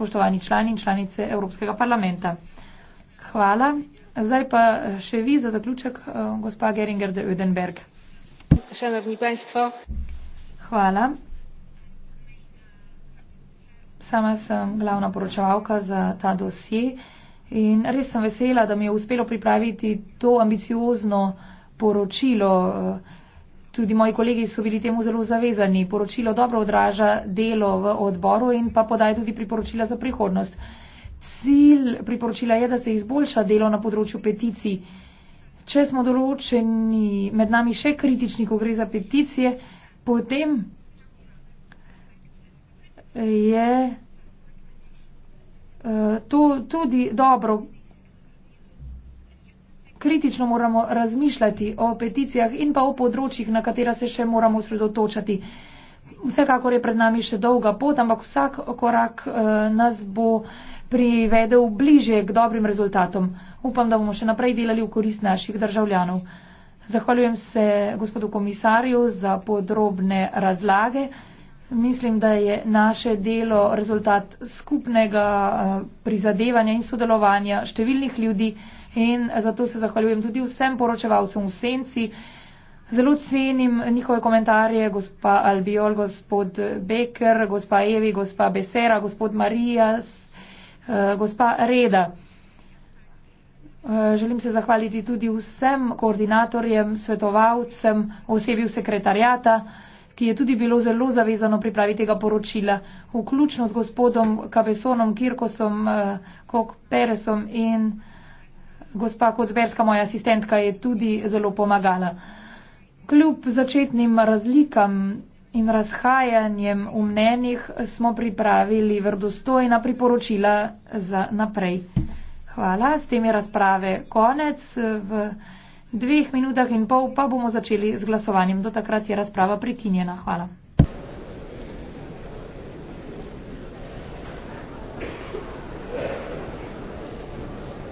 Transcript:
spoštovani člani in članice Evropskega parlamenta. Hvala. Zdaj pa še vi za zaključek, eh, gospa Geringer de Ödenberg. Šanovni państwo. Hvala. Sama sem glavna poročevalka za ta dosje in res sem vesela, da mi je uspelo pripraviti to ambiciozno poročilo, eh, tudi moji kolegi so bili temu zelo zavezani. Poročilo dobro odraža delo v odboru in pa podaja tudi priporočila za prihodnost. Cilj priporočila je, da se izboljša delo na področju peticij. Če smo določeni med nami še kritični, ko gre za peticije, potem je uh, to tudi dobro kritično moramo razmišljati o peticijah in pa o področjih, na katera se še moramo osredotočati. Vsekakor je pred nami še dolga pot, ampak vsak korak eh, nas bo privedel bliže k dobrim rezultatom. Upam, da bomo še naprej delali v korist naših državljanov. Zahvaljujem se gospodu komisarju za podrobne razlage. Mislim, da je naše delo rezultat skupnega eh, prizadevanja in sodelovanja številnih ljudi in zato se zahvaljujem tudi vsem poročevalcem v Senci. Zelo cenim njihove komentarje, gospa Albiol, gospod Becker, gospa Evi, gospa Besera, gospod Marijas, eh, gospa Reda. Eh, želim se zahvaliti tudi vsem koordinatorjem, svetovalcem, osebju sekretarjata ki je tudi bilo zelo zavezano pri pravi tega poročila, vključno z gospodom Kavesonom, Kirkosom, eh, Kok Peresom in gospa Kocberska, moja asistentka, je tudi zelo pomagala. Kljub začetnim razlikam in razhajanjem v mnenjih smo pripravili verdostojna priporočila za naprej. Hvala, s tem je razprave konec. V dveh minutah in pol pa bomo začeli z glasovanjem. Do takrat je razprava prekinjena. Hvala.